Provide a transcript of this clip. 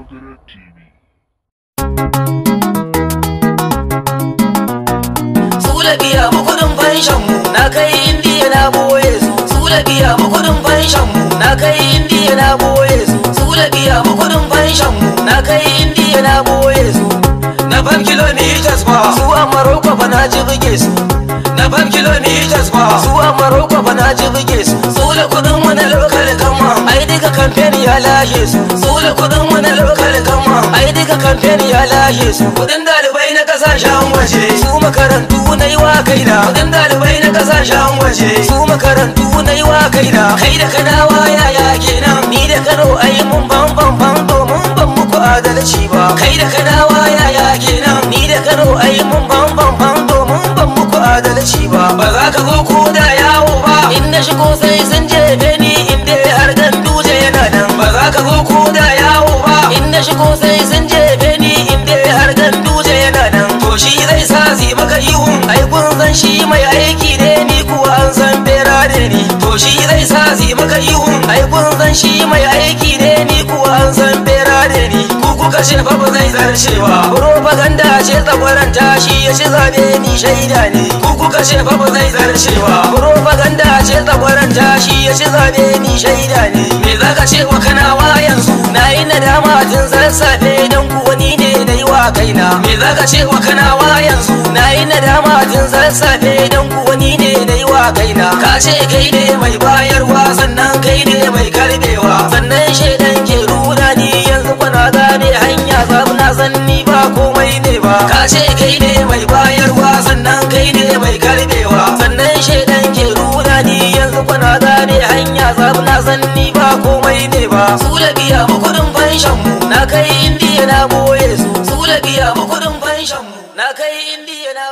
Almubazara TV. Sula biya mu kudin fanshan mu na kai indiya na boye su. Sula biya mu kudin fanshan mu na kai indiya na boye su. Sula biya mu kudin fanshan mu na kai indiya na boye su. Na fam kilometers ba su a Maroko ba na ji buge su. Na fam kilometers ba su a Maroko ba na ji buge su. Sula kudin wani lokal gama ai duka kamfen ya lashe su. Sula kudin tashi su kudin dalibai na kasashen waje su makarantu na yi wa na. kudin dalibai na kasashen waje su makarantu na yi wa na. kai da kanawa yaya kenan ni da kano ai mun ban ban ban domin ban muku adalci ba kai da kanawa yaya kenan ni da kano ai mun ban ban ban domin ban muku adalci ba ba za ka zo ko da yawo ba in na shigo sai sun jefe ni in dai har dan duje yana nan ba za ka zo ko da yawo ba in na shigo sai san shi mai aiki ne ni kuwa an san bera ne ni to shi zai sa zi maka ihun ai kun san shi mai aiki ne ni kuwa an san bera ne ni ku kuka ce fa ba zai zarce cewa propaganda ce tsagwaranta shi ya ci zabe ni shaida ne ku kuka ce fa ba zai zarce cewa propaganda ce tsagwaranta shi ya ci zabe ni shaida ne me zaka ce wa kanawa yanzu na yi nadama tun zarsabe kaina me zaka ce wa kanawa yanzu Na yi nadama tun zan safe dan kuwa ni na yi wa kaina ka ce kai ne mai bayarwa sannan kai ne mai karbewa sannan shaidan ke rura ni yanzu kwana gane hanya mu na san ni ba komai ne ba ka ce kai ne mai bayarwa sannan kai ne mai karbewa sannan shaidan ke rura ni yanzu kwana gane hanya mu na san ni ba komai ne ba su da biya mu kudin fanshan mu na kai indiya na mu iya biya mu kuɗin fanshan mu na kai indiya na